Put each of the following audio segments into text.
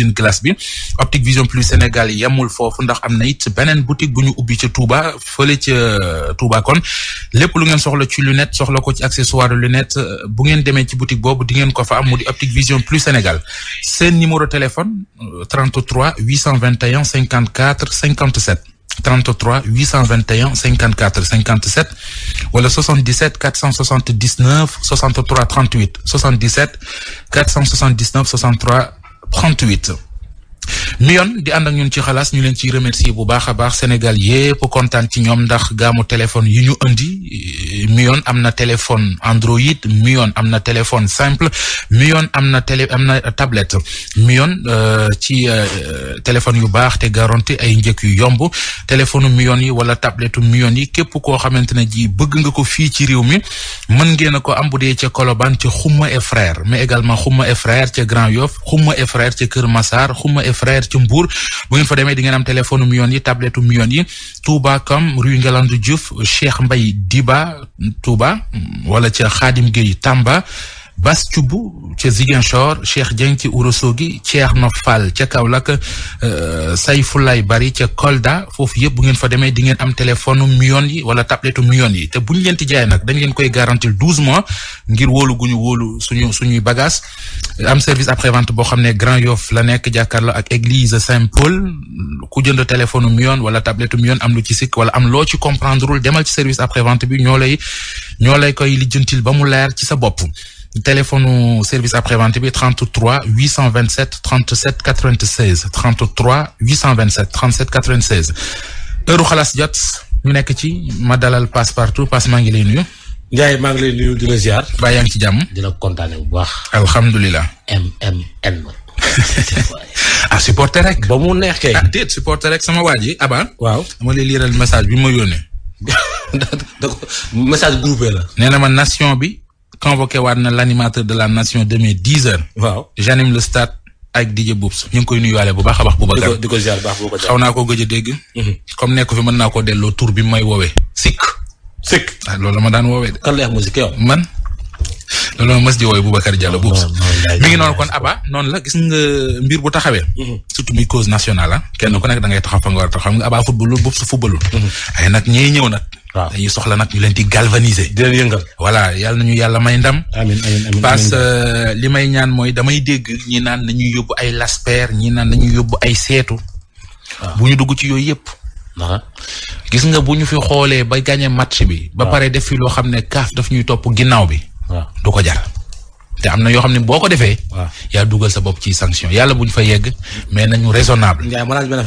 usine glace bi Optique Vision Plus Sénégal yemul foofu ndax am na it beneen boutique bu ñu ubbi ca Touba fële ca euh, Touba kon lépp lu ngeen soxla ci lunette soxla ko ci accessoire lunette euh, bu ngeen demee ci boutique boobu di ngeen ko fa am mu di Optique Vision Plus Sénégal seen numéro téléphone 33 821 54 57 33 821 54 57 wala 77 479 63 38 77 479 63 38 mi di ànd ak ñun ci xalaas ñu leen ci remercier bu baax a baax Sénégal yépp kontaan ci ñoom ndax gaamu téléphone yu ñu indi mi am na téléphone Android mi yoon am na téléphone simple mi yoon am na télé am na tablette mi yoon euh, ci euh, téléphone yu baax te garanti ay njëkk yu yomb téléphone mi yi wala tablette mi yi képp koo xamante ne ji bëgg nga ko fii ci réew mi mën ngeen a ko am bu dee ca Colobane ca Xuma et frère mais également Xuma et frère Grand Yoff Xuma frère ci Mbour bu ngeen fa demee di ngeen am téléphone mu yoon yi tablette mu yoon yi Touba Kam Rue du Diouf Cheikh mbay Diba tuuba wala ci Khadim Gueye Tamba Bass Thioubou ca Ziguinchor Cheikh Dieng ci Ourossogui Thierno Fall ca euh, say fulaay Bari ca Kolda foofu yëpp bu ngeen fa demee di ngeen am téléphone million yi wala tablette million yi te bu ñu leen ti jaay nag dañ leen koy garantir douze mois ngir wóolu gu ñu wóolu suñu suñuy bagage am service après vente boo xam ne Grand Yoff la nekk jàkkaarloo ak église Saint-Paul ku jënd téléphone million wala tablette million am lu ci sikk wala am loo ci comprendrewul demal ci service après vente bi ñoo lay ñoo lay koy lijjantil ba mu leer ci sa bopp téléphone service après-vente bi 33 827 37 96 33 827 37 96 heure xalaas jot mu nekk ci ma dalal passe partout passe maa ngi lay nuyu. Ndiaye maa ngi lay nuyu di la ziar. baa ngi ci jàmm. dina kontaane bu baax. alhamdulilah. MMN. ah supporter rek. ba mu neex kay. ah déet supporter rek sama waa ji Aba. waaw dama lay liiral message bi ma yónnee. message groupé la. nee na ma nation bi. convoqué waat na l'animateur de la nation demain dix heures. waaw le stade ak DJ Boubs ñu koy nuyuwaale bu baax a baax. Boubacar di ko ziar bu baax koo gëj a dégg. Mhm. comme nekk fi mën naa koo delloo tur bi may woowee. sikk sikk ah loolu la ma daan woowe de. kan la musique yow man. loolu mooy mas di wooyu Boubacar Diallo oh, Boubs mi ngi noonu kon Abba noonu la gis nga mbir bu taxawee mhm. surtout muy cause nationale ah kenn ku nekk da ngay taxaw fa nga war a taxaw xam nga Abba footballul Boubs footballul mhm. ay nag ñiy ñëw waaw dañuy soxla nag ñu leen di galvaniser. di leen yëngal voilà yàlla nañu yàlla may ndam. amiin amiin amiin parce euh, li may ñaan mooy damay dégg ñi naan na ñu yóbbu ay lasper ñi naan nañuy yóbbu ay seetu. Ah. bu ñu dugg ci yooyu yëpp. Ah. gis nga bu ñu fi xoolee ba gagné match bi. ba ah. pare def fi loo xam ne kaaf daf ñuy topp ginnaaw bi. du ko jar. te am na yoo xam ne boo ko defee. yaa dugal sa bopp ci sanction yàlla bu ñu fa yegg mais nañu raisonnable. Ndiaye ma laaj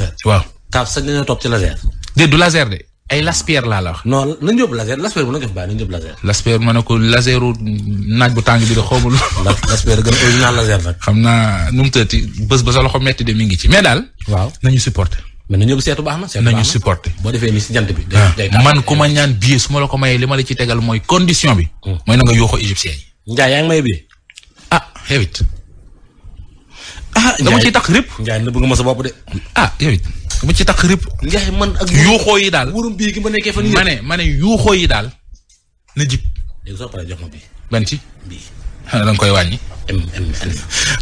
de du laser de. ay laspère laa la wax. non nañ yóbbu laser laspère bu na def baax nañ yóbbu laser. laspère naaj bu tàng bi de xawma. laspère gën a original laser nag. xam naa nu mu tëddee bés ba sa loxo metti de mi ngi ci mais daal. waaw nañu supporter. mais nañu yóbbu seetu baax na. boo defee ni si jant bi. day ah, man ku ma ñaan billet su ma la ko mayee li ma la ci tegal mooy condition bi. Hmm. mooy na nga yoo yi. Ndiaye yaa ngi may billet. ah xewit. ah Ndiaye dama ciy tax lépp. Ndiaye na bëgg ma sa bopp de. ah xewit dama ci takk rip. njax man ak yuuxoo yi daal. wurum bii gi ma nekkee fan yii. ma ne ma yi daal na jib. léegi soo paree jox ma bii. ban ci bii. xanaa ah, da nga koy wàññi.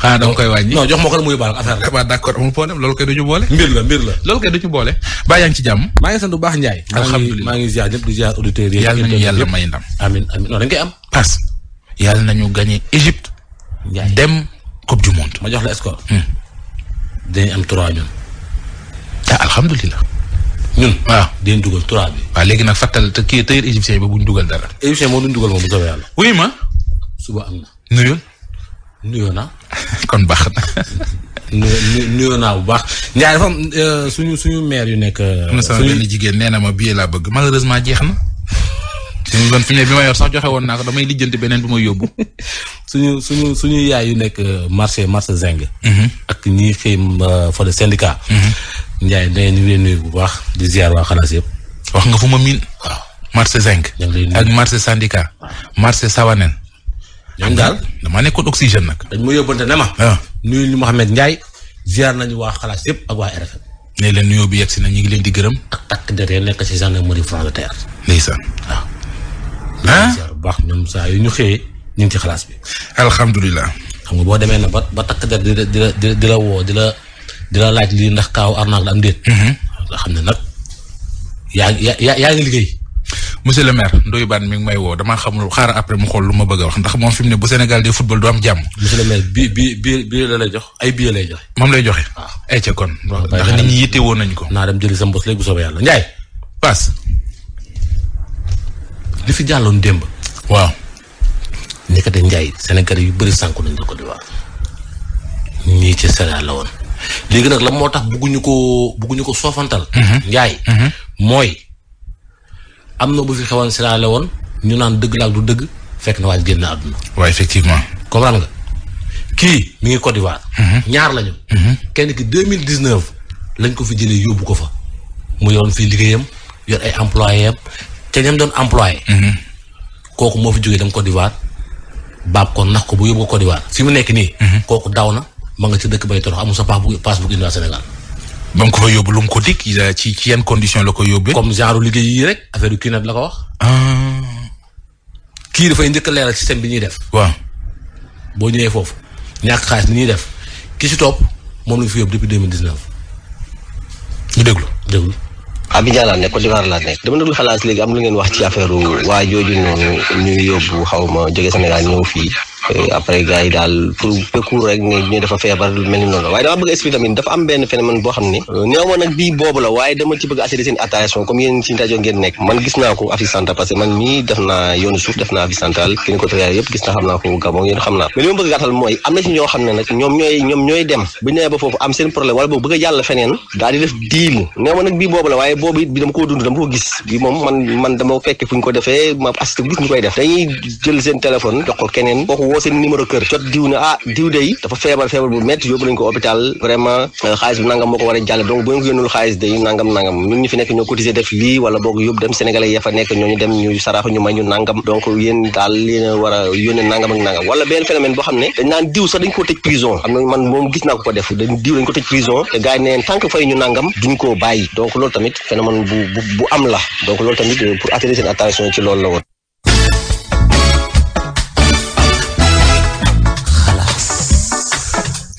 xanaa ah, da koy jox ma ko rek muy baal affaire la. waaw d' accord amul problème du ñu boole. la mbir la. loolu kay du ñu boole. baa yaa ci jàmm. maa ngi sant bu baax Ndiaye. alhamdulilah maa ngi ziar ñëpp di ziar auditeurs yi. yàlla nañu yàlla may ndam. amiin amiin non dañ koy am. parce que yàlla nañu gagné Égypte. dem coupe du monde. ma jox la score. Hmm. dañuy am trois ñun. te alhamdulilah. ñun waaw di leen dugal trois bi. waaw léegi nag fàttal te kii tëyër égyptien ba bu ñu dugal dara. égyptien moom du ñu dugal moom bu soobee yàlla. wuyu suba am na. nuyul. nuyoo kon baax na. nuyo nuyoo bu baax. Ndiaye dafa am euh, suñu suñu maire yu nekk. Euh, am na sama benn jigéen nee na ma billet laa bëgg malheureusement jeex na. suñu doon fi bi ma yor joxe woon naa damay lijjanti beneen bu may yóbbu. suñu suñu suñu yaay yu nekk euh, marché marché Zeng. Mhm. ak Ndiaye Ndeye ñu ngi lay nuyu bu baax di ziar waa xalaas yëpp. wax nga fu ma miin. waaw marché zinc. ak marché syndicat. marché sawaneen. ñoom daal damaa nekkoon oxygène nag. dañ ma yóbbante ne ma. waaw ah. nuyu ñu Mouhamed Ndiaye nañu waa xalaas yëpp ak waa RFM. ne leen nuyoo bi yegg si na ñu ngi leen di gërëm. ak takk der ya nekk ci gendarmerie front de terre. ndeysaan waaw. ah ziar bu baax ñoom saa yu ñu xëyee ñu ngi ci xalaas bi. alhamdulilah. xam nga boo demee na ba takk der di la di la woo di la di la laaj lii ndax kaaw arnaque la am déet. Mhm. nga xam ne nag yaa yaa yaa ngi le maire Ndoye mi ngi may woo damaa xamul xaaral après mu xool lu ma bëgg a wax ndax moom fi mu ne bu Sénégal di football du am jàmm. monsieur le maire bi bi bi bi la lay jox ay billet lay joxe. moom lay joxe. waaw ah. ay eh, ca kon. ndax nit ñi yitte woon nañ ko. naa dem jëli sa mbos léegi bu soobee yàlla Ndiaye. paas. li fi jàlloon démb. waaw. nekkate Ndiaye Sénégal yu bëri sànku nañ la Côte d'Ivoire. ñii ci Sénégal la woon. léegi nag la moo tax bugguñu ko bugguñu ko soofantal. Mhm. njaay mhm. mooy am na bu fi xewoon si woon ñu naan dëgg la du dëgg fekk na waaj génn àdduna. waaw effectivement. comprendre nga kii mi ngi Côte d'Ivoire. Mhm. ñaar lañu. kenn ki deux mille dix neuf lañ ko fi jëlee yóbbu ko fa mu yoroon fi liggéeyam yor ay employé am te ñam doon employé. kooku moo fi jógee dem Côte d'Ivoire baab ko nax ko bu yóbbu ko Côte d'Ivoire fi mu nekk nii. kooku daw na. ma nga ci dëkk bay torox amul sa paas bu paas bu indiwaat Sénégal. ba nga ko fa yóbbu lu mu ci ci condition la ko yóbbee. comme genre liggéey yi rek affaire yu kii la ko wax. Ah. kii dafay njëkk leeral système bi ñuy def. waaw boo ñëwee foofu ñàkk xaalis ñuy def ki si topp moom la fi yóbbu depuis deux mille dix déglu déglu. Abidjan laa nekk Côte d'Ivoire laa nekk xalaat léegi am lu ngeen wax ci affaire waa jooju noonu ñuy yóbbu xaw ma jóge Sénégal ñëw fii. Eh, après gars daal pour péku rek ne dafa feebar mel ni waaye dama bëgg expliquer dafa am benn phénomène boo xam ne euh, néew ma nag bii boobu la waaye dama ci bëgg seen problème wala boobu bëgg a feneen daal di def diil néew ma nag bii boobu la waaye boobu bi dama koo dund dama ko gis moom man dama fekke fu ko defee ma assisté gis ñu koy def dañuy jël seen téléphone jox ko keneen kooku seen numéro kër jot diw ne ah diw day dafa feebar feebar bu métti yóbbu nañ ko hôpital vraiment euh, xaalis bu nangam moo a jàlle donc bu xaalis day nangam nangam ñun ñu fi nekk ñoo cotiser def lii wala boog yóbbu dem sénégalais ya fa nekk ñooñu dem ñu sarax ñu may ñu nangam donc yéen daal yéen war a yónnee nangam ak nangam wala benn phénomène boo xam ne dañ naan diw sax dañ ko tëj prison am na man moom gis naa ko ko def dañ diw dañ ko tëj prison te gars yi neen tant que fay ñu nangam duñ koo bàyyi donc loolu tamit phénomène bu bu la donc loolu tamit euh, pour attirer seen attention loolu la woon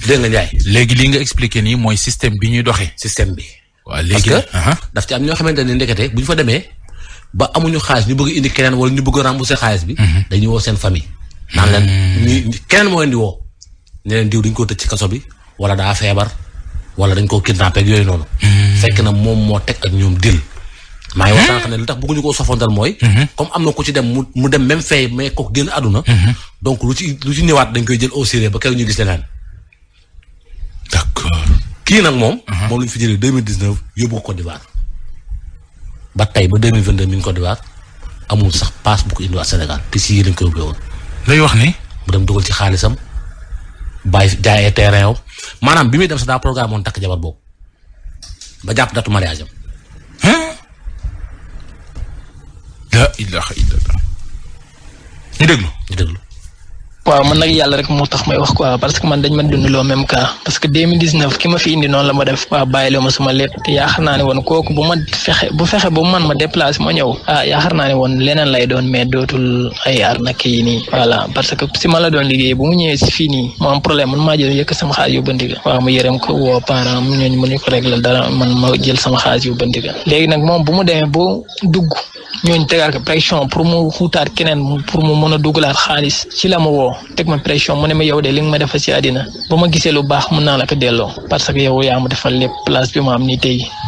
dégg nga Ndiaye. léegi li nga expliqué nii mooy système bi ñuy doxee. système bi. waaw léegi parce que uh-huh. daf ci am ñoo xamante ne ndekete bu ñu fa demee ba amuñu xaalis ñu bëgg indi keneen wala ñu bëgg rembourser xaalis bi. Uh-huh. dañuy woo seen famille. naan leen hmm. ñuy keneen moo leen di woo. ne leen diw dañ koo tëj ci kaso bi wala daa feebar wala dañ koo kidnappé ak yooyu noonu. Hmm. fekk na moom moo teg ak ñoom dil maa ngi wax hmm. sànq ne li tax bëgguñu koo sofondal mooy. comme am na ku ci dem mu mu dem même fay mais kooku génn àdduna. donc lu ci lu ci ñëwaat dañ koy jël au sérieux ba keroog ñu gis leneen. kii nag moom. Uh-huh. moom la ñu fi jëlee deux yóbbu ko Côte d'Ivoire ba tey ba de mille vingt deux mi ngi Côte d'Ivoire amul sax paas bu ko indiwaat Sénégal te si yéen lañ ko yóbbee woon. day wax ni. mu dem dugal ci xaalisam bàyyi jaay ay terrain yow maanaam bi muy dem sax daa programme woon takk jabar boobu ba jàpp datu mariage am. la ilaha illallah ñu déglu ñu déglu. waaw man nag yàlla rek moo tax may wax quoi parce que man dañ ma dundaloo même cas parce que 2019 ki ma fi indi noonu la ma def waaw bàyyiloo ma ma fexe bu fexe ah, naa ne woon leneen lay doon mais dootul ay arnaque yi nii voilà parce que si ma la doon liggéey ba mu ñëwee si fii nii mu am problème man maa jël sama xaalis yóbbu ndigal waaw am ñooñu mu ñu léegi nag moom bu demee ba dugg ñooñu tegaat ko pression pour mu xuutaat keneen pour mu mën a dugalaat xaalis ci la ma woo teg ma pression mu ne ma yow de li nga ma defal si àddina ba ma gisee lu baax mën naa la delloo parce que yow yaa ma defal lépp place bi ma am nii tey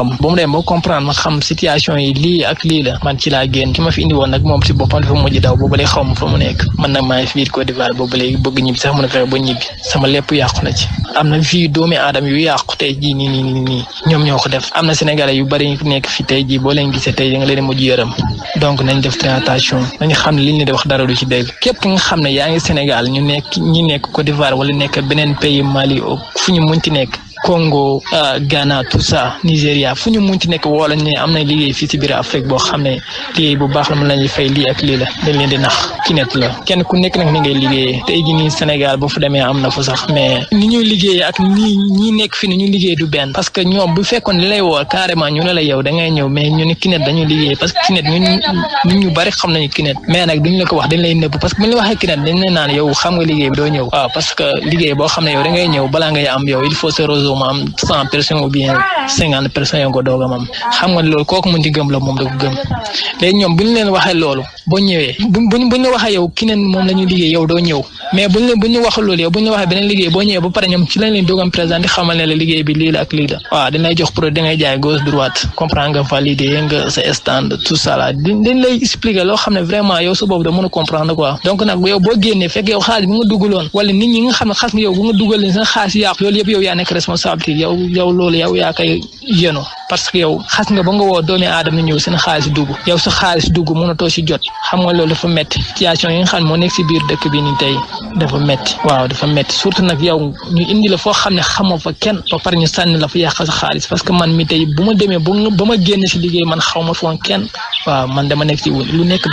xam ba mu dem ba comprendre ma xam situation yi lii ak lii la man ci laa génn ki ma fi indi nag moom si boppam dafa mujj daw boobu léegi xaw fa mu nekk man nag maa fi biir Côte d'Ivoire boobu léegi bëgg ñibbi sax a fexe ba nga leen mujj yërëm donc nañ def très attention nañu xam ne li ñu di wax dara du ci dégg képp nga xam ne yaa ngi Sénégal ñu nekk ñi nekk Côte d'Ivoire wala nekk beneen pays Mali fu ñu munti nekk Congo euh, Ghana tout ça Nigéria fu ñu munti nekk la mën lañuy fay lii ak lii la dañ nekk nag ni nekk wax dañ lay nëbb parce que bu la waxee ki dañ la naan yow xam nga liggéey bi doo ñëw waaw parce que liggéey boo xam ne yow da ñëw balaa ngay am yow il faut se réseau mu am cent personnes ou cinquante personnes yoo ko doog a am xam nga loolu kooku mun ci gëm la moom da ko gëm léegi ñoom bu ñu leen waxee loolu boo ñëwee bu mais buñ la buñ ñu wax loolu yow buñ ñu waxee beneen liggéey boo ñëwee ñoom ci lañ leen doogam présenté xamal ne la liggéey bi lii la ak lii la droite comprendre nga valider nga sa stand tout ça là dañ lay expliquer loo xam ne vraiment yow sa bopp da mën a comprendre quoi donc nag yow boo génnee fekk yow xaalis bi nga wala nit ñi nga xam ne xas nga yow bu nga dugal leen seen xaalis yàqu loolu yëpp yow yaa nekk yéno parce que yow xas nga ba nga woo doomi aadama ñëw seen xaalis dugg yow sa xaalis dugg mënatoo si jot xam nga loolu dafa métti situation yi nga xam biir dëkk bi ni tey dafa métti waaw dafa métti surtout indi la foo xam ne xamoo fa kenn ba pare ñu sànni la parce que man mi tey bu ma demee ba liggéey man xaw ma foon kenn waaw man dama nekk nekk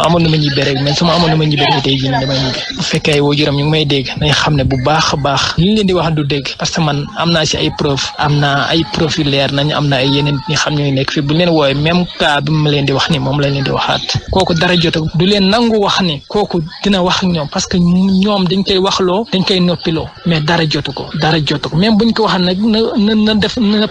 na ma ñibbee rek mais su ma amoon na ma ñibbee fekkee woo juróom ñu may dégg nañ xam ne bu baax a baax ñu leen di wax du dégg parce que man am naa si ay preuve am na ay preuve yu nañu am na ay yeneen ñi xam ñooy nekk fi bu leen wooye même cas bi ma leen di wax ni moom lañ leen di waxaat kooku dara jota du leen nangu wax ni kooku dina wax ñoom parce que ñoom dañ koy waxloo dañ koy noppiloo mais dara jotu ko dara jotu même buñ ko waxee nag na na def na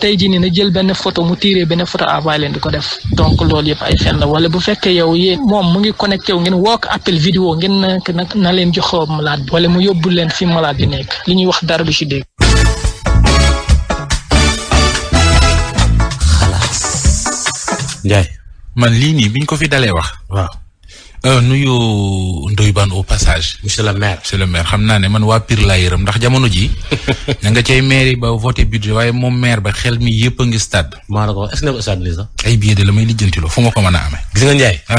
tey jii nii na jël benn photo mu tiiree benn photo ah, envoyé leen di ko def donc loolu yëpp ay fen la wala bu fekkee yow yéen moom mu ngi connecté wu ngeen woo ko appel vidéo na na leen jox malade bi wala mu yóbbu leen fi malade bi nekk li ñuy wax dara du ci dégg Ndiaye man lii nii ñu ko fi dalee wax. waaw euh, nuyu Ndoye Bane au passage. monsieur le maire monsieur le maire xam naa ne man waa Pire laa yërëm ndax jamono ji na nga cay maire ba voté budget waaye moom maire ba xel mi yëpp a ngi maa la ko ay billets la may lijjantiloo fu ma ko mën a amee. gis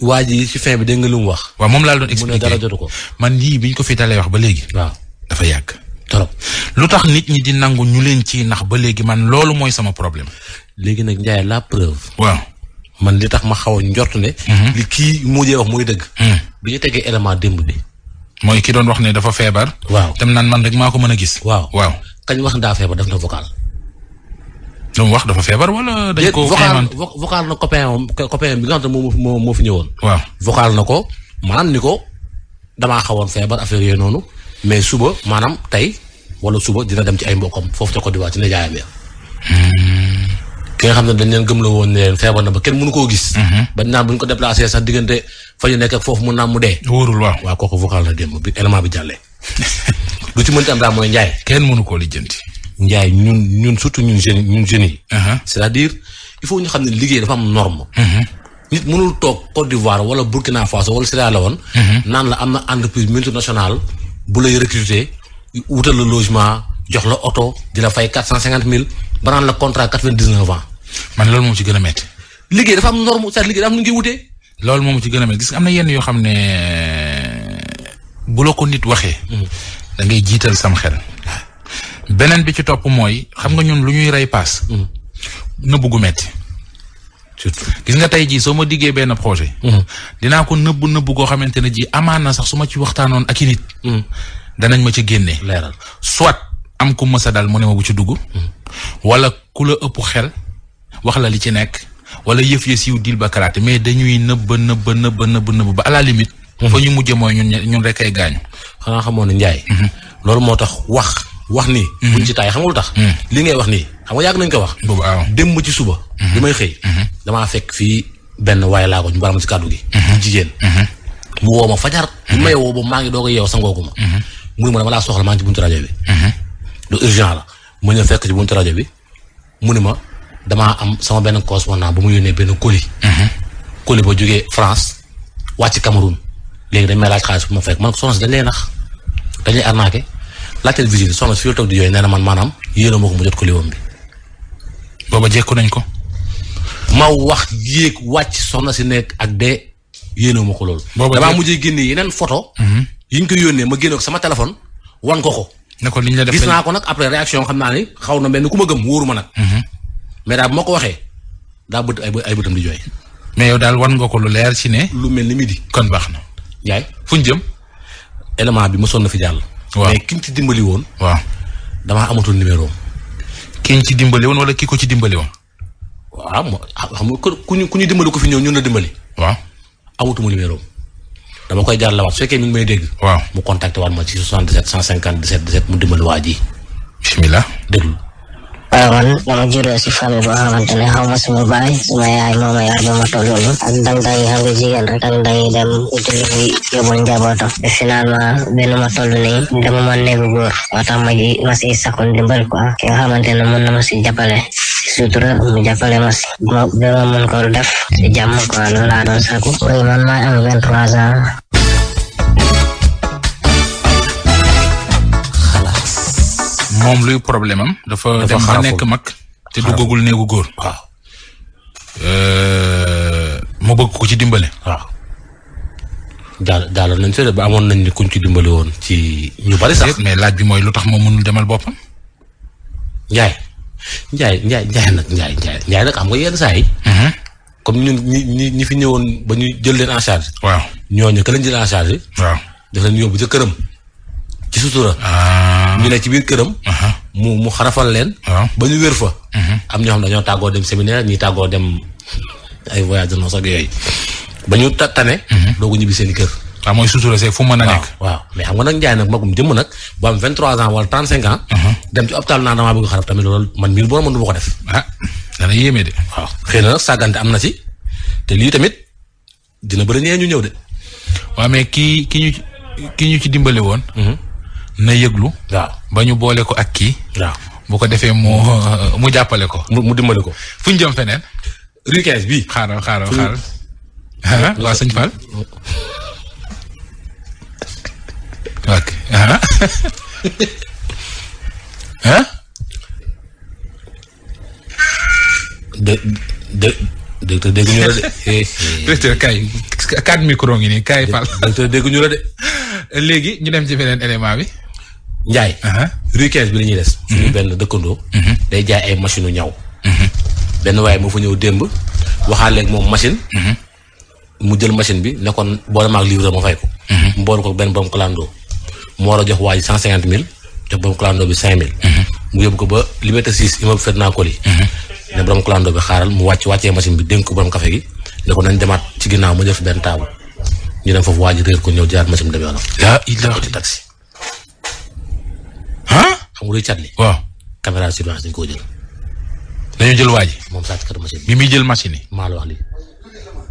waa ji ci fin bi dégg nga lu mu wax. waaw moom laa doon expliqué dara ko. man lii biñ ko fi dalee wax ba léegi. waaw dafa yàgg. lu tax nit ñi di nangu ñu leen ciy nax ba léegi man loolu mooy sama problème. léegi nag Ndiaye la waaw man li tax ma xawoon njort ne. Mhm. li kii mujjee wax mooy dëgg. Mhm. bi ñu tegee élément démb bi. mooy ki doon wax ne dafa feebar. waaw dem nan man rek maa ko mën a gis. waaw waaw kañ wax daa feebar def na vocal. donc wax dafa feebar wala. dañ ko vocal vocal na copain am bi nga xam ne moom moo fi ñëwoon. waaw vocal na ko maanaam ni ko damaa xawoon feebar affaire yooyu noonu mais suba maanaam tey wala suba dina dem ci ay mbokkam foofu ca Côte d'Ivoire ci nijaayam ya hmm. ki nga xam ne dañ leen gëm la woon ne leen feebar na ba kenn mënu koo gis. Mhm. bañ naan bu ñu ko déplacé sax diggante fa ñu nekk ak foofu mun naa mu dee. wóorul waaw waaw kooku vocal la démb bi élément bi jàllee. lu ci mënti am daal mooy njaay. kenn mënu koo lijjanti. njaay ñun ñun surtout ñun jeunes uh-huh. c'est-à-dire il faut ñu xam ne liggéey dafa am norme. Uh-huh. nit mënul toog Côte d'Ivoire wala Burkina Faso wala Sierra Leone. Uh-huh. naan la am na entreprise multinationale bu lay recruter jox la oto di la fay quatre cent cinquante ba naan la contrat quatre vingt dix neuf ans. man loolu moom ci gën a métti. liggéey dafa am norme cest liggéey dafa am na yenn yoo xam ne bu la ko nit waxee. Hmm. da ngay jiital sam xel. beneen bi ci topp mooy xam nga ñun lu ñuy rey paas. Hmm. nëbb gu métti. gis nga tey jii soo ma diggee benn projet. Hmm. dina ko nëbb nëbb goo xamante ne jii amaan na sax su ma ci waxtaanoon ak i nit. danañ ma ci génne. soit. am ku mu ne ma bu ci dugg. Hmm. wala ku la ëpp xel wax la li ci nekk wala yëf ya siiw dil ba kalaat mais dañuy nëbb nëbb nëbb nëbb nëbb ba à la limite. Hmm. fa ñu mujjee mooy ñun ñun rek ay gaañu. xanaa xamoon ne Ndiaye. Hmm. loolu moo tax wax wax nii. buñ ci taay tax. li ngay wax nii xam nga yàgg nañ ko wax. boobu waaw démb ci suba. bi may xëy. damaa fekk fii benn waaye laa ko ñu baal ma ci kàddu gi. jigéen. mu woo ma fajar. bu may woo ba maa ngi doog a yeew sangooguma. muy ma dama laa soxla maa ngi ci buntu rajo bi. lu urgent la mu ñëw fekk ci buntu rajo bi mu ne ma damaa am sama benn correspondant bu mu yónnee benn colis. Mhm. colis ba jógee France wàcc Cameroun léegi dañ may laaj xaalis bu ma fekk man soxna si dañ nax dañ lay arnaqué laajteel visite soxna si fi la di yooyu nee na man maanaam yéena moo ko mu jot colis woon bi. nañ ko. ma wax yéeg wàcc soxna si nekk ak de yéena ma ko loolu. booba damaa mujjee génne yeneen photo mhm. yi ñu koy yónnee ma génne ko sama téléphone wan ko ko. ne ko niñ la def gis naa ko nag après réaction xam naa ni xaw na mel ni ku ma gëm wóoruma nag. Mm-hmm. mais daal bu ma ko waxee daa bët ay ay bëtam di jooy. mais yow daal wan nga ko lu leer ci ne. lu mel ni di kon baax na. yaay fu ñu jëm. élément bi mosoon na fi jàll. waaw mais ki ci dimbali woon. waaw damaa amatul numéro ki ci dimbali woon wala ki ko ci dimbali woon. waaw ah, xam ku ñu ku ñu dimbali ko fi ñëw ñun la dimbali. waaw amatuma numéro dama koy jaarale waat su fekkee mi ngi may dégg. waaw mu contacté waat ma ci 77 157 17 mu dimbali waa ji. bisimilah waaw man dama juddoo si famille boo xamante ba ma toll noonu ak ndànk-ndànk yi xam nga jigéen rek ak ndànk yi dem utile muy yóbbul njabootam te finalement benn ma toll nii dama ma néegu góor moo tax ma ji ma siy sakku ki nga xamante ne na ma si jàppale. sutura mu jàppale ma moom luy problème dafa dem ba nekk mag te duggagul néegu góor waaw euh, mu bëgg ko ci dimbale waaw daal daaloon nañ seede ba amoon nañ ni kuñ ci dimbali woon ci ñu bari sax mais laaj bi mooy lu tax moo mënul demal boppam Njaay Ndiaye Ndiaye Ndiaye nag Ndiaye Ndiaye Ndiaye nag xam nga yenn saa yi. Mm-hmm. comme ñun ñi ñi ñi fi ñëwoon ba ñu jël leen en charge. waaw ñooñu ka lañ jël en charge. waaw daf leen yóbbu ca këram. ci sutura. Ah. ñu ne ci biir këram. Uh-huh. mu mu xarafal leen. ba ñu wér fa. Mm-hmm. am ñoo xam ne dañoo tàggoo dem séminaire ñi tàggoo dem ay voyage de noces ak yooyu. ba ñu tane. Mm-hmm. doogu ñibbi seen i kër. waaw ah, mooy sutura c'est fu mën a nekk. waaw mais xam nga nag Ndiaye nag magum jëmm nag bu am vingt trois ans wala trente cinq ans. dem ci hôpital naa damaa bëgg xaraf tamit loolu man mbir boo mën du ko def. ah dana yéeme de. waaw xëy na sàggante am na ci te lii tamit dina bëri ñee ñu ñëw de. waaw mais kii ki ñu ci dimbali woon. Mhm. na yëglu. ba ñu boole ko ak kii. waaw bu ko defee mu jàppale ko. mu dimbali ko. fu ñu jëm feneen. rue 15 bii. xaaral xaaral ah, waa sëñ Fall. Ah. ah dë dë docteur dégg ñu la de. kay quatre micro ngi nii kay fal. docteur ñu la de. léegi ñu dem ci beneen élément bi. Ndiaye. rue 15 bi la ñuy des. suñu mhm. benn dëkkandoo. Mhm. day jaay ay machine u ñaw. Mhm. benn waaye moo fa ñëw démb waxaale ak moom machine. mu jël machine bi ne kon boolema ak livre ma fay ko. mu ko benn borom clando. mu war a jox waa cent cinquante mille. te borom clando bi cinq mille mhm. mu yóbbu ko ba liberté six immeuble Ferdinand Coly mhm. ne borom clando bi xaaral mu wàcc wàccee machine bi dénk ko borom café gi ne ko nañ demaat ci ginnaaw mu def benn table ñu dem foofu waa ji réer ko ñëw jëlaat machine bi dem yoonam laa ilaaha ci taxi xam nga luy cat li waaw caméra dañ koo jël dañoo jël waa ji moom sàcc kat machine muy jël machine yi maa la wax lii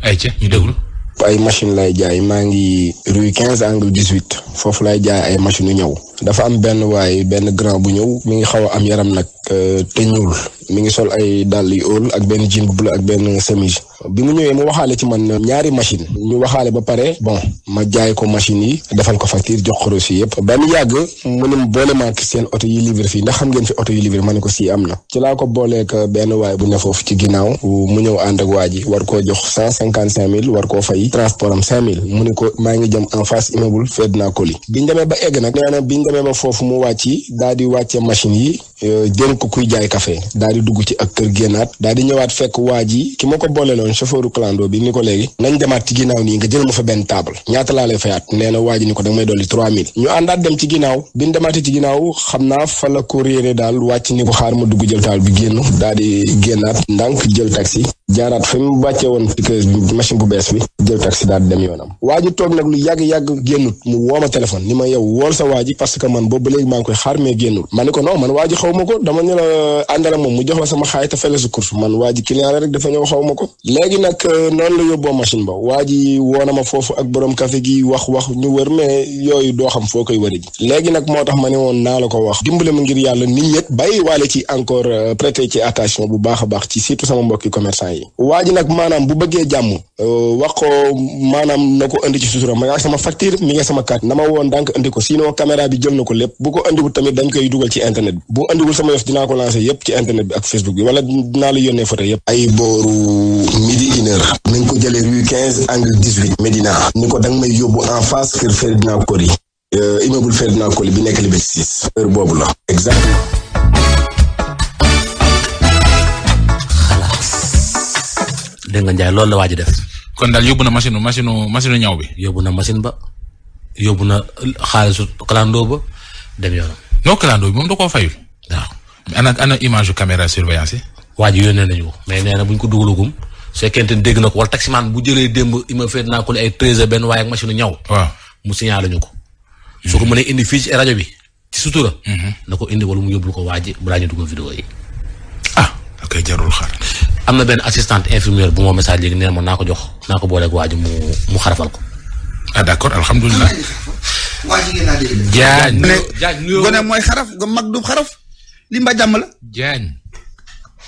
ay ca ñu déglu ay machine lay jaay maa ngi rue quinze angle dix huit foofu lay jaay ay machine yu ñëw dafa am benn waaye benn grand bu ñëw mi ngi xaw a am yaram nag euh, te ñuul mi ngi sol ay dàll yu óol ak benn jean bu ak benn chemise bi mu ñëwee mu waxaale ci man ñaari machine ñu waxaale ba pare bon ma jaay ko machine yi defal ko facture jox ko reçu yëpp ba mu yàgg mu ne boole ma seen oto yi livre fii ndax xam ngeen fi oto yi livre ma ne ko si am na ci laa ko booleeg benn waay bu ne foofu ci ginnaaw mu ñëw ànd ak waa war koo jox cent cinquante cinq mille war koo fay transport am cinq mille mu ne ko maa ngi jëm en face immeuble fedd naa ko li biñ ba egg nag nee na biñ demee ba foofu mu wàcc daa di wàcce machine yi Euh, jël ko kuy jaay kafe daal di dugg ci ak kër génnaat daal di ñëwaat fekk waa ji ki ma ko boole loon chauffeuru clando bi ni ko léegi nañ demaat ci ginnaaw ni nga jël ma fa benn table ñaata laa lay fayaat nee na waa ni ko danga may dolli trois mille ñu àndaat dem ci ginnaaw bi ñu demaatee ci ginnaaw xam naa fa la ko réere daal wàcc ni ko xaar ma dugg jël taal bi génn daal di génnaat ndànk jël taxi jaaraat fi mu wàccee woon ci machine bu bees bi jël taxi daal dem yoonam waa ji toog nag lu yàgg-yàgg génnut mu woo ma téléphone ni ma yow wool sa waa ji parce que man boobu ba léegi maa ngi koy xaar mais génnul ma ni ko non man waa ko dama ñu euh, moom mu jox la sama xaalis te fay la man waa ji client la rek dafa ñëw xaw ma ko léegi nag euh, noonu la yóbboo machine ba waa ji woo na foofu ak boroom kafe gi wax wax ñu wër mais yooyu doo xam foo koy wëri ji léegi nag moo tax ma ne woon naa la ko wax dimbale ma ngir yàlla nit ñet bàyyi waale ci encore euh, prêter ci attention bu baax a baax ci surtout sama mbokki commerçant yi waa ji nag maanaam bu bëggee jàmm euh, wax ko maanaam na ko indi ci sutura ma nga sama facture mi nga sama carte na ma woon dànk indi ko sinon caméra bi jël na ko lépp bu ko indiwul tamit dañ koy dugal ci internet bi bu indiwul sama yof dinaa ko lancer yëpp ci internet bi ak Facebook bi wala dinaa la yónnee photo yëpp ay booru midi une heure nañ ko jëlee rue quinze angle dix-huit Médina ni ko danga may yóbbu en face kër Ferdinand Coly euh, immeuble Ferdinand Coly bi nekk Liberté 6 heure boobu la exactement dégg nga Ndiaye loolu la waaj a def. kon daal yóbbu na machine machine machine ñaw bi. yóbbu na machine ba yóbbu na xaalisu clando ba dem yoonam. non clando bi moom da koo fayul. waaw ana ana image caméra surveillance yi. waa ji yónnee nañu ko mais nee na bu ko dugalagum su ne dégg na ko wala taximaan bu jëlee démb il ma féet naa ko ay benn waaye ak machine ñaw. waaw mu signalé ñu ko. su ko indi fii ci rajo bi ci sutura. Mhm. na ko indi wala mu yóbbul ko waa ji balaa ñu dugg vidéo yi. ah ok jarul xaar. am na benn assistante infirmière bu moo message léegi nee na naa ko jox naa ko booleeg waaju mu mu xarafal ko. ah d'accord alhamdulilah. waa jigéen naa mooy xaraf nga mag du xaraf li mba jàmm la. Diagne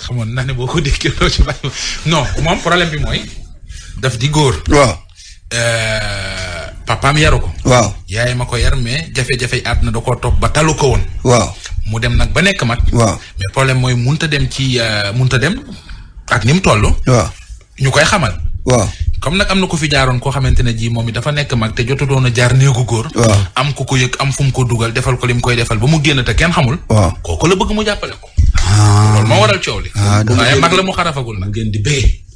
xamoon naa ne boo ko déggee loo ci bàyyi moom problème bi mooy daf di góor. waaw. Euh, yaru ko. waaw yaay ma ko yar mais jafe-jafe àdduna da koo topp ba talu ko woon. waaw mu dem nag ba nekk mat waaw mais problème mooy mënut a dem ci euh, mënut a dem. ak ni mu toll. waaw ñu koy xamal. waaw comme nag am na ko fi jaaroon koo xamante ne jii moom it dafa nekk mag te jotutoon a jaar néegu góor. waaw am ku ko yëg am fu mu ko dugal defal ko li mu koy defal ba mu génn te kenn xamul. waaw kooku la bëgg mu jàppale ko. Ah. moo waral coow li. Ah, waaye mag la mu xarafagul nag. ngeen di béyee.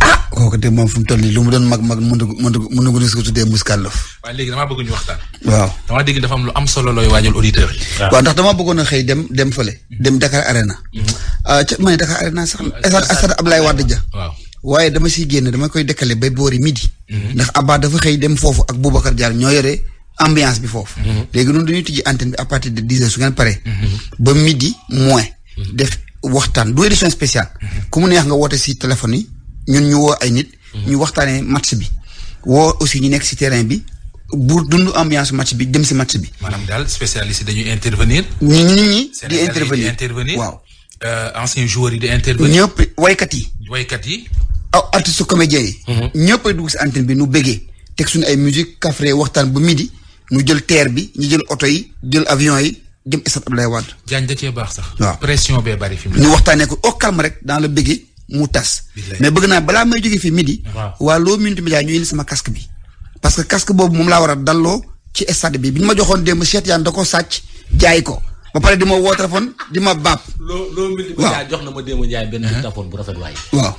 ah kooku moom fu mu toll nii lu mu doon mag mag mënu mënu mënu ko su ko tuddee muskàllaf. waaye léegi damaa bëgg ñu waxtaan. waaw damaa dégg dafa am lu am solo looy waajal auditeurs yi. waaw ndax damaa bëggoon a xëy dem dem fële. dem Dakar Arena. Mhm. Ah, ma ne Dakar sax stade stade Abdoulaye Wade ja. waaw waaye dama si génn dama koy dëkkale ba boori midi. Mhm. ndax Abba dafa xëy dem foofu ak Boubacar Diallo ñoo yore ambiance bi foofu. Mhm. léegi noonu dañuy tijji antenne bi à partir de dix heures su ngeen paree. ba midi moins. def waxtaan du édition spéciale. ku mu neex nga woote si téléphone yi ñun ñu woo ay nit. Mhm. ñu waxtaanee match bi. woo aussi ñu nekk si terrain bi. bu dund ambiance match bi dem si match bi. maanaam daal spécialiste dañuy intervenir. ñi ñi di intervenir waaw. Euh, anciens joueurs yi di intervenir. ñëpp waykat yi. waykat yi. aw artistes comédiens yi. Mhm. ñëpp dugg si antenne bi nu bëggee. teg suñu ay musique kafre waxtaan bu midi nu jël teer bi ñu jël oto yi jël avion yi jëm stade Abdoulaye Wade. Diagne da baax sax. waaw pression bee bari ñu waxtaanee ko au calme rek dans la bëggee. mu tas. mais bëgg naa balaa may jógee fii midi. waa loo minute média ñu indi sama casque bi. parce que casque boobu moom laa war a dalloo ci stade bi bi ñu ma joxoon démb Cheikh Yane da ko sàcc jaay ko ba pare di ma woo téléphone di ma baab. loo loo minute média jox na ma démb Ndiaye benn uh-huh. téléphone bu rafet waay. waaw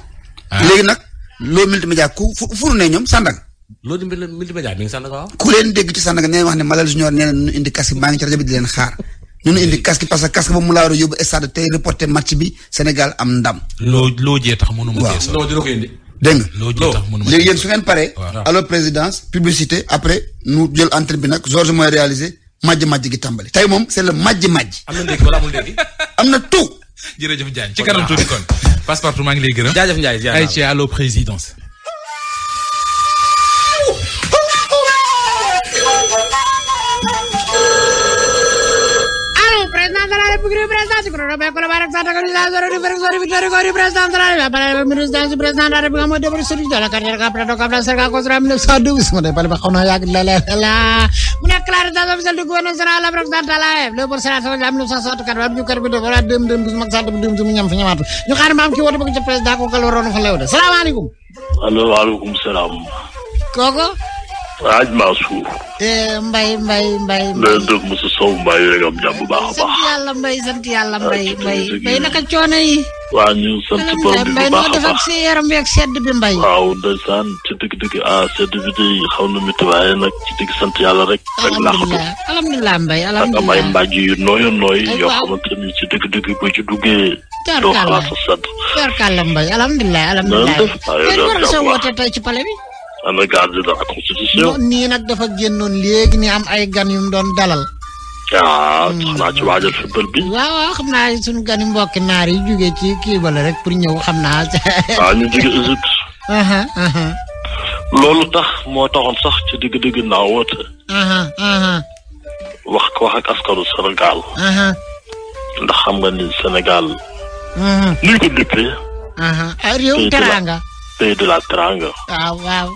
ah. léegi nag loo minute média ku fu fu ne ñoom Sandaga. loolu multimédia ku leen dégg ci Sandaga nee wax ne Malal Junior nee nu indi casque maa ngi ci rajo bi di leen xaar. ñu indi casque parce que casque ba mu laa war a yóbbu stade tey reporté match bi Sénégal am ndam. loo loo jee tax mënu ma. waaw dina ko indi. dégg nga loo jee tax mënu ma. léegi yéen su ngeen paree. alors présidence publicité après nu jël entrée bi nag Georges mooy réalisé majj majj gi tàmbali tey moom c' est le majj majj. am na ndékki wala amul ndékki. am na tout. jërëjëf ci kanam tuuti kon. Passepartout maa ngi lay gërëm. jaajëf Ndiaye jaajëf ay ci allo présidence. reprezentanți cu Robeacul Barac Sata Călizazor, Referențorii Victorii Cori Prezentanții, la Palele Minus Dansi Prezentanții, Republica Mădevări Sărita, la Cartier Capra, Doca Plasar, ca Cosura Minus Sadus, mă de Palele Bacona Iac, la la la la. Mâna clară, da, oficial de guvernul Săra, la Broc Santa la Ev, Leopor Săra, Săra, la Minus Sasot, care va ducă repede, vă la dâm, dâm, dâm, dâm, dâm, dâm, dâm, dâm, dâm, Eu care m-am chiuat pe ce prezda cu călorul nu fă leude. Salam alaikum! Alo, alaikum salam! Coco? aj Mansour. Eh, Mbaye Mbaye Mbaye. nee na Moussa Sow Mbaye rek am jàmm bu baax a baax. sant yàlla Mbaye sant yàlla Mbaye Mbaye Mbaye naka coono yi. waa ñu sant borom bi a si yaram yeeg sedd bi Mbaye. waaw ndeysaan ci dëgg-dëgg ah sedd bi day xaw na métti waaye nag ci dëgg sant yàlla rek. rek laaxatu alhamdulilah Mbaye alhamdulilah ak am ay mbàjj yu nooyo nooy. yoo xamante ni ci dëgg-dëgg boo ci duggee. doo xalaat sa sedd. Kalla Mbaye alhamdulilah alhamdulilah. nan la def aywa woote tey ci pale bi. en regard de la constitution. nag dafa génnoon léegi ni am ay gan yu doon dalal. Hmm. waaw xam naa suñu gani mbokki naar yi jógee ci kii bala rek pour ñëw xam naa. waaw loolu tax moo taxoon sax ci digg-digg naa woote. wax ko wax ak askanu Sénégal. ndax xam nga ni Sénégal. nuñ ko dippee. ah réew teranga. pays de la teranga. Ah, waaw waaw.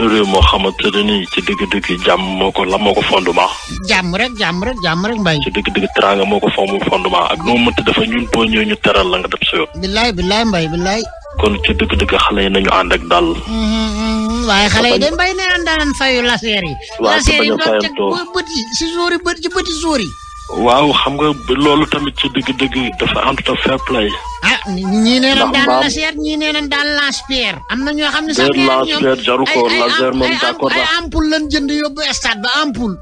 réew moo xamante ne nii ci dëgg-dëgg jàmm moo ko la moo ko fondement. jàmm rek jàmm rek jàmm rek mbay. ci dëgg-dëgg teraanga moo ko fomm fondement ak nu mu mënti dafa ñun boo ñëwee ñu teral la nga dem sa yoon. billaay billaay mbay billaay. kon ci dëgg-dëgg xale yi nañu ànd ak dal. waaye xale yi dañ bay ne daan fayu laseer yi. waaw te bañ a fayantoo laseer yi si suuri waaw xam nga loolu tamit ci dégg dëgg dafa ànd ta fair play. ah ñii nee nañ daal laser ñii nee nañ am na ñoo xam ne laser jaru ko laser moom d'accord ay ampoule lañ jënd yóbbu stade ba ampoule.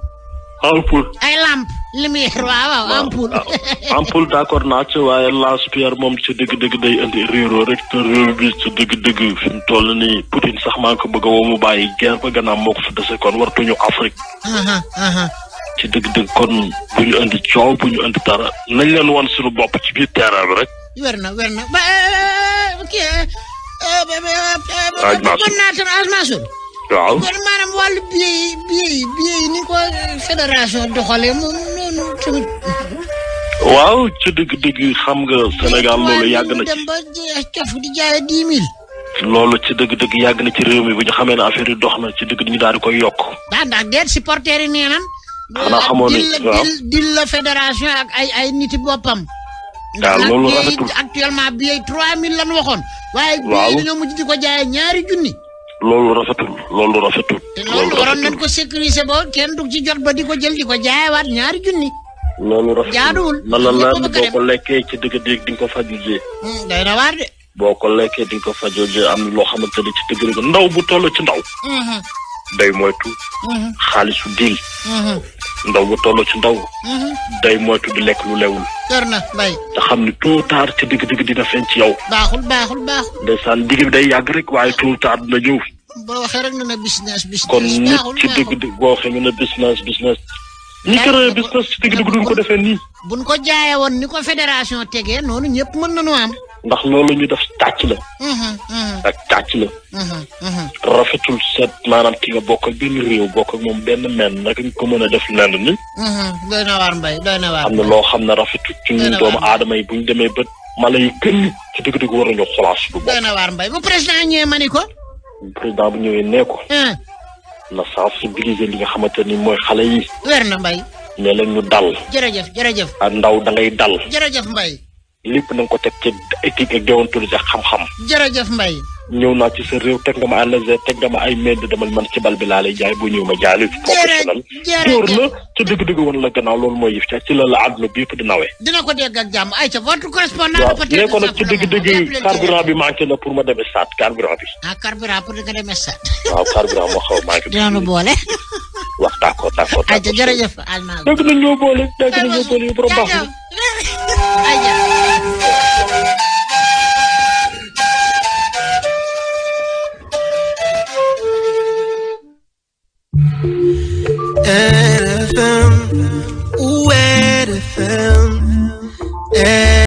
ampoule ay lampe lumière waaw waaw ampoule. ampoule d'accord naa ci waaye lance-pierre moom ci dëgg-dëgg day indi réeróo rek te réew bi ci dëgg-dëgg fi mu toll nii Poutine sax maa ngi ko bëgg a woo mu bàyyi guerre ba gannaaw moo ko fi dese kon wartuñu Afrique. ci dëgg-dëgg kon bu ñu indi coow bu ñu indi dara nañ leen wan suñu bopp ci biir terrain bi rek. wér na wér na ba kii. Eh, eh, Aj Mansour mën naa waaw kon maanaam wàllu biir yi ni ko fédération doxalee moom noonu tamit. waaw ci dëgg-dëgg xam nga Sénégal loolu yàgg na ci dem ba cof di loolu ci dëgg-dëgg yàgg na ci réew mi bu ñu xamee ne affaire yi dox na ci dëgg ñu daal di koy yokk. daa ndax déet supporter yi nee xanaa xamoon ni waaw dil la fédération ak ay ay niti boppam. waaw loolu rafetul actuellement billet 3000 lan waxoon. waaye billet dañoo mujj di ko jaayee ñaari junni. loolu rafetul loolu rafetul. loolu waroon nañ ko sécuriser ba kenn du ci jot ba di ko jël di ko jaayewaat ñaari junni. loolu rafetul jaaduwul. man la naan boo ko lekkee ci dëgg dëgg di ko faju jee. Hmm, day na waar boo ko lekkee di ko faju jee am loo xamante ni ci dëgg dëgg ndaw bu toll ci ndaw. Hmm, hmm. day moytu. Mhm. xaalisu diil. Mhm. ndaw bu toll ci ndaw. Mhm. day moytu di lekk lu lewul. dër na bay. te xam ni tôt ou tard ci digg digg dina feeñ ci yow. baaxul baaxul baaxul. ndeysaan digg di day yàgg rek waaye tôt ou tard dina ñëw. boo waxee rek ne business business. kon nit ci digg digg boo waxee ne business business. ñi kër business ci digg digg duñ ko defee nii. buñ ko jaayee woon ni ko fédération tegee noonu ñëpp mën na nañu am. ndax loolu ñu def tàcc la. Mm-hmm, mm-hmm. ak tàcc la. Mm-hmm, rafetul set maanaam ki nga bokk bi benn réew bokk ak moom benn men naka nga ko mën a def lenn ni. doy na waar mbay doy na waar. xam na loo xam ne rafetul ci ñun doomu aadama yi bu ñu demee bët mala yu gën ci dëgg-dëgg war nañoo xolaas du doy na waar mbay bu président ñëwee mani ko. président bu ñëwee nee ko. na sensibiliser li nga xamante ni mooy xale yi. weer na mbay. ne leen ñu dal. jërëjëf jërëjëf. ak ndaw da ngay dal. jërëjëf mbay. lépp na nga ko teg ci éthique ak déontologie ak xam-xam. jërëjëf Mbaye. ñëw naa ci sa réew teg nga ma à l'aise teg nga ma ay medd demal man ci bal bi laa lay jaay bu ñëw ma jaay la professionnel dóor la ca dëgg-dëgg woon la gannaaw loolu mooy yëf ca ci la la àdduna bépp di nawee dina ko dégg ak jàmm ay ca votre correspondant waaw nee ko nag ci dëgg-dëgg carburant bi manqué la pour ma demee stade carburant bi ah carburant pour nga demee stade dina nu boole wax d'accord d'accord ay ca jërëjëf almaa dégg boole dégg nañ ñoo boole RFM, ou RFM.